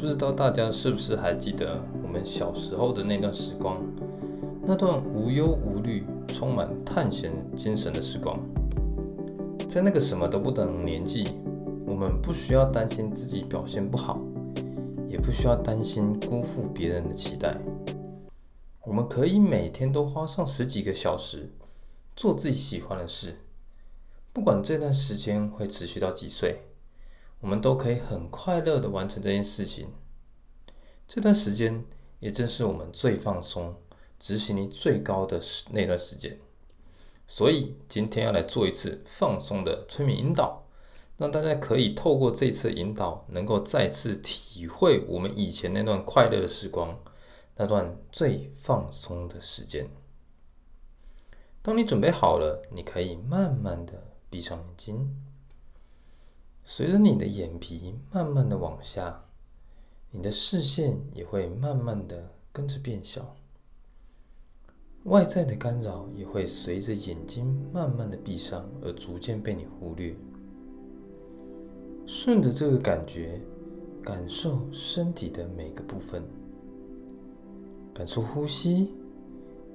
不知道大家是不是還記得我們小時候的那段時光，那段無憂無慮、充滿探險精神的時光。在那個什麼都不懂的年紀，我們不需要擔心自己表現不好，也不需要擔心辜負別人的期待。我們可以每天都花上十幾個小時做自己喜歡的事，不管這段時間會持續到幾歲。我們都可以很快樂的完成這件事情。這段時間也正是我們最放鬆、執行力最高的時那段時間。所以今天要來做一次放鬆的催眠引導，讓大家可以透過這次引導，能夠再次體會我們以前那段快樂的時光，那段最放鬆的時間。當你準備好了，你可以慢慢的閉上眼睛。隨着你的眼皮慢慢的往下，你的視線也會慢慢的跟着變小，外在的干擾也會隨着眼睛慢慢的閉上而逐漸被你忽略。順着這個感覺，感受身體的每個部分，感受呼吸，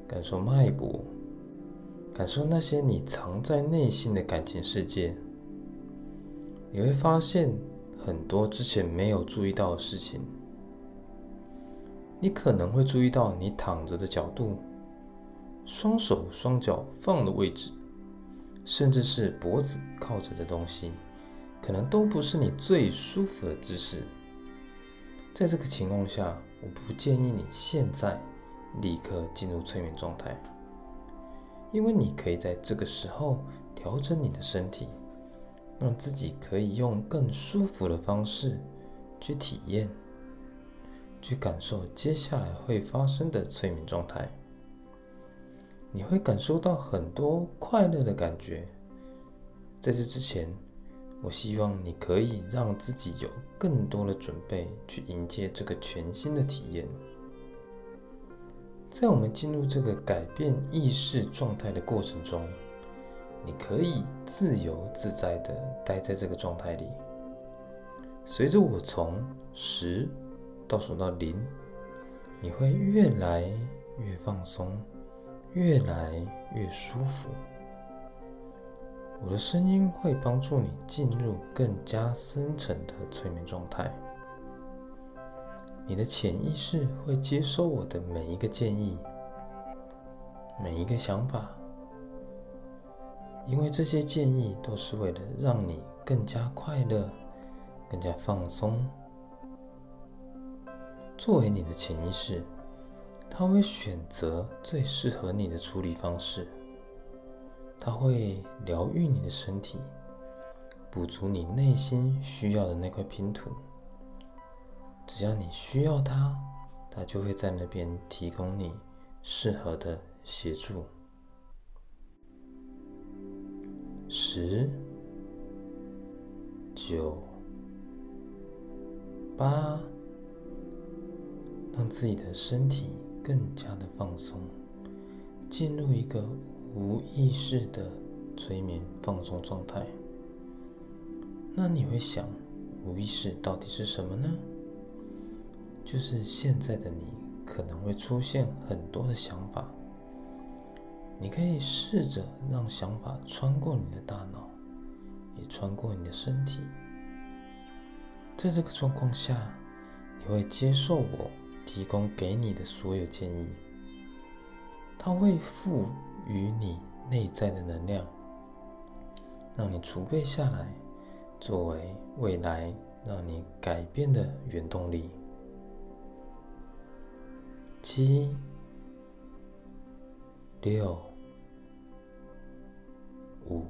感受脈搏，感受那些你藏在內心的感情世界。你會發現很多之前沒有注意到的事情。你可能會注意到你躺着的角度、雙手雙腳放的位置，甚至是脖子靠着的東西，可能都不是你最舒服的姿勢。在這個情況下，我不建議你現在立刻進入催眠狀態，因為你可以在這個時候調整你的身體。讓自己可以用更舒服的方式去體驗、去感受接下來會發生的催眠狀態。你會感受到很多快樂的感覺。在這之前，我希望你可以讓自己有更多的準備去迎接這個全新的體驗。在我們進入這個改變意識狀態的過程中。你可以自由自在的待在這個狀態裡，隨着我從十倒數到零，你會越來越放鬆，越來越舒服。我的聲音會幫助你進入更加深層的催眠狀態，你的潛意識會接收我的每一個建議，每一個想法。因為這些建議都是為了讓你更加快樂，更加放鬆。作為你的潛意識，他會選擇最適合你的處理方式，他會療癒你的身體，補足你內心需要的那塊拼圖。只要你需要他，他就會在那邊提供你適合的協助。十、九、八，讓自己的身體更加的放鬆，進入一個無意識的催眠放鬆狀態。那你會想，無意識到底是什麼呢？就是現在的你可能會出現很多的想法。你可以試着讓想法穿過你的大腦，也穿過你的身體。在這個狀況下，你會接受我提供給你的所有建議。它會賦予你內在的能量，讓你儲備下來，作為未來讓你改變的原動力。七，六。五、哦，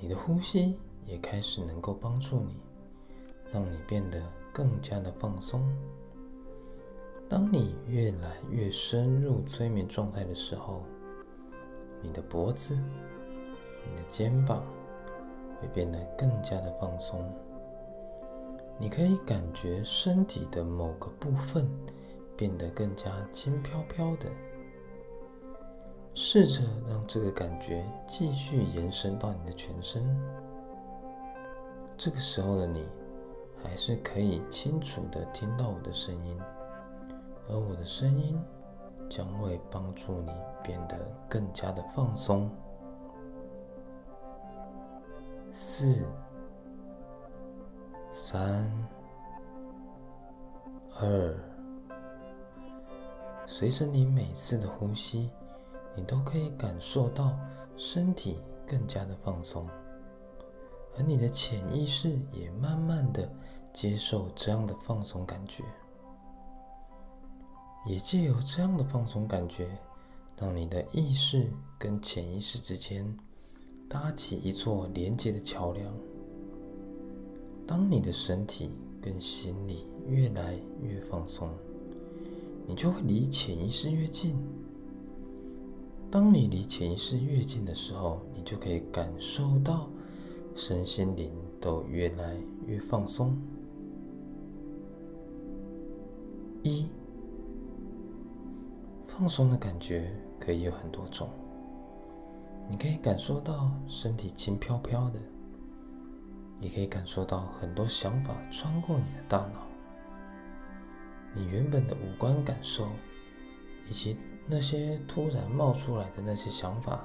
你的呼吸也開始能夠幫助你，讓你變得更加的放鬆。當你越來越深入催眠狀態的時候，你的脖子、你的肩膀會變得更加的放鬆。你可以感覺身體的某個部分變得更加輕飄飄的。試着讓這個感覺繼續延伸到你的全身。這個時候的你，還是可以清楚的聽到我的聲音，而我的聲音將會幫助你變得更加的放鬆。四、三、二，隨着你每次的呼吸。你都可以感受到身體更加的放鬆，而你的潛意識也慢慢的接受這樣的放鬆感覺，也借由這樣的放鬆感覺，讓你的意識跟潛意識之間搭起一座連接的橋樑。當你的身體跟心理越來越放鬆，你就會離潛意識越近。當你離潛意識越近的時候，你就可以感受到身心靈都越來越放鬆。一放鬆的感覺可以有很多種，你可以感受到身體輕飄飄的，你可以感受到很多想法穿過你的大腦，你原本的五官感受以及。那些突然冒出來的那些想法，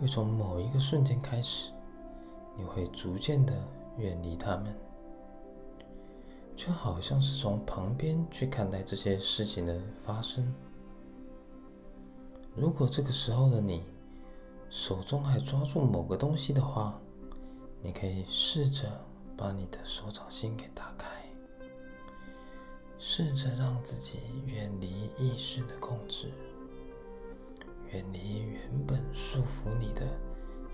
會從某一個瞬間開始，你會逐漸的遠離他們，就好像是從旁邊去看待這些事情的發生。如果這個時候的你手中還抓住某個東西的話，你可以試着把你的手掌心給打開。試着讓自己遠離意識的控制，遠離原本束縛你的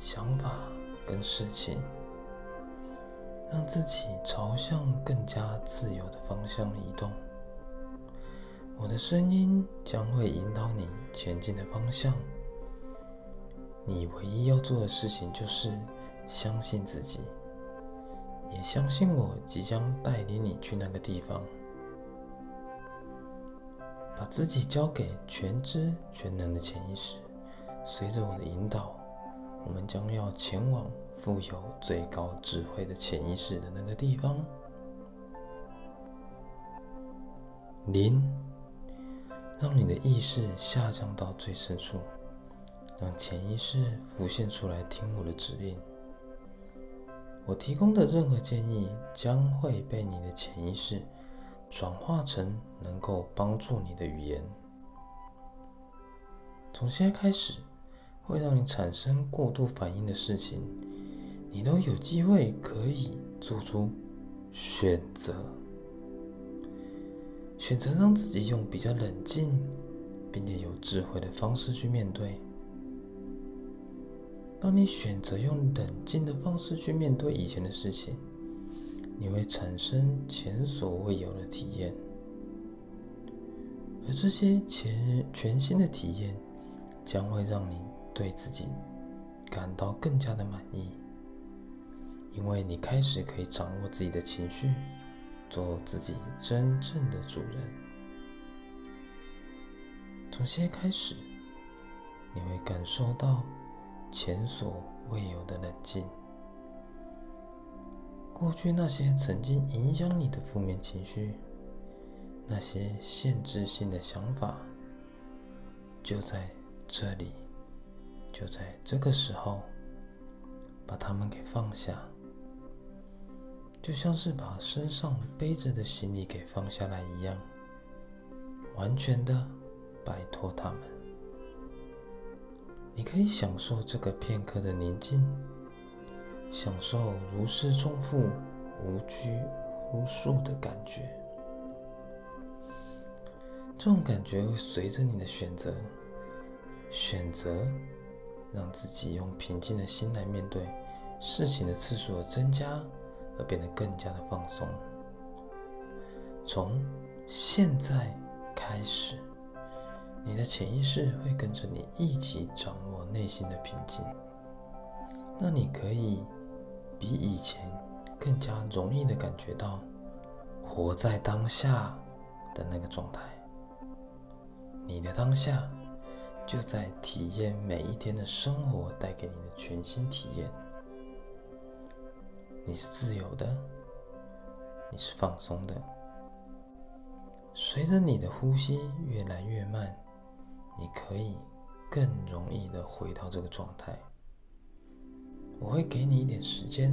想法跟事情，讓自己朝向更加自由的方向移動。我的聲音將會引導你前進的方向，你唯一要做的事情就是相信自己，也相信我即將帶領你去那個地方。把自己交給全知全能的潛意識，隨着我的引導，我們將要前往富有最高智慧的潛意識的那個地方。零，讓你的意識下降到最深處，讓潛意識浮現出來聽我的指令。我提供的任何建議將會被你的潛意識。轉化成能夠幫助你的語言。從現在開始，會讓你產生過度反應的事情，你都有機會可以做出選擇，選擇讓自己用比較冷靜，並且有智慧的方式去面對。當你選擇用冷靜的方式去面對以前的事情。你會產生前所未有的體驗，而這些全全新的體驗，將會讓你對自己感到更加的滿意，因為你開始可以掌握自己的情緒，做自己真正的主人。從現在開始，你會感受到前所未有的冷靜。過去那些曾經影響你的負面情緒，那些限制性的想法，就在這裡，就在這個時候，把它們給放下，就像是把身上背着的行李給放下來一樣，完全的擺脫它們。你可以享受這個片刻的寧靜。享受如釋重負、無拘無束的感覺。這種感覺會隨着你的選擇、選擇，讓自己用平靜的心來面對事情的次數的增加，而變得更加的放鬆。從現在開始，你的潛意識會跟着你一起掌握內心的平靜。那你可以。比以前更加容易的感覺到活在當下的那個狀態。你的當下就在體驗每一天的生活帶給你的全新體驗。你是自由的，你是放鬆的。隨着你的呼吸越來越慢，你可以更容易的回到這個狀態。我會給你一點時間，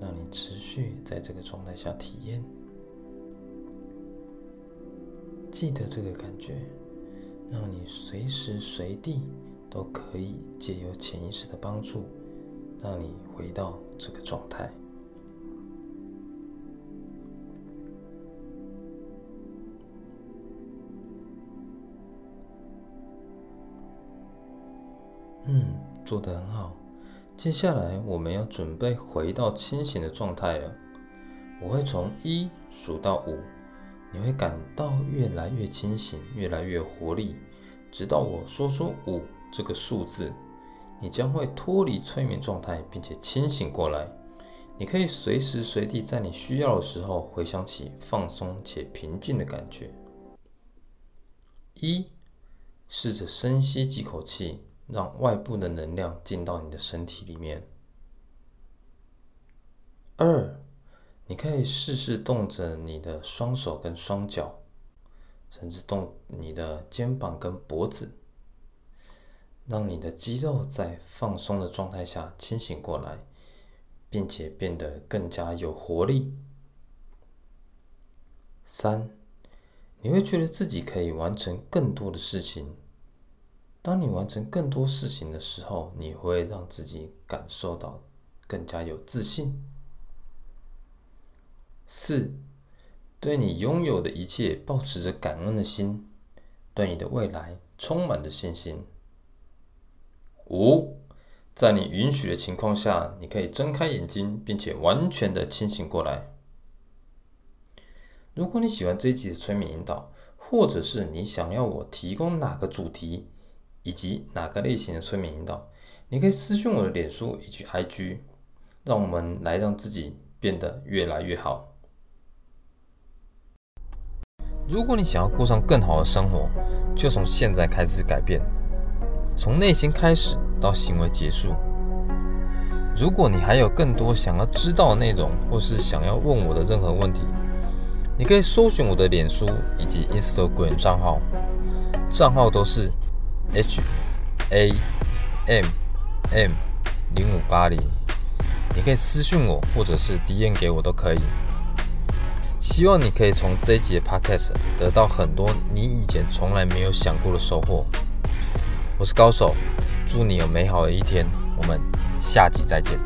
讓你持續在這個狀態下體驗，記得這個感覺，讓你隨時隨地都可以借由潛意識的幫助，讓你回到這個狀態。嗯，做得很好。接下來我們要準備回到清醒的狀態了。我會從一數到五，你會感到越來越清醒，越來越活力，直到我說出五這個數字，你將會脫離催眠狀態，並且清醒過來。你可以隨時隨地在你需要的時候回想起放鬆且平靜的感覺。一，試着深吸幾口氣。讓外部的能量進到你的身體裡面。二，你可以試試動着你的雙手跟雙腳，甚至動你的肩膀跟脖子，讓你的肌肉在放鬆的狀態下清醒過來，並且變得更加有活力。三，你會覺得自己可以完成更多的事情。當你完成更多事情的時候，你會讓自己感受到更加有自信。四，對你擁有的一切保持着感恩的心，對你的未來充滿着信心。五，在你允許的情況下，你可以睜開眼睛，並且完全的清醒過來。如果你喜歡這一集的催眠引導，或者是你想要我提供哪個主題？以及哪個類型的催眠引導？你可以私訊我的臉書以及 IG，讓我們來讓自己變得越來越好。如果你想要過上更好的生活，就從現在開始改變，從內心開始到行為結束。如果你還有更多想要知道的內容，或是想要問我的任何問題，你可以搜尋我的臉書以及 Instagram 賬號，賬號都是。H A M M 零五八零，你可以私訊我，或者是 DM 給我都可以。希望你可以從這一集的 Podcast 得到很多你以前從來沒有想過的收穫。我是高手，祝你有美好的一天。我們下集再見。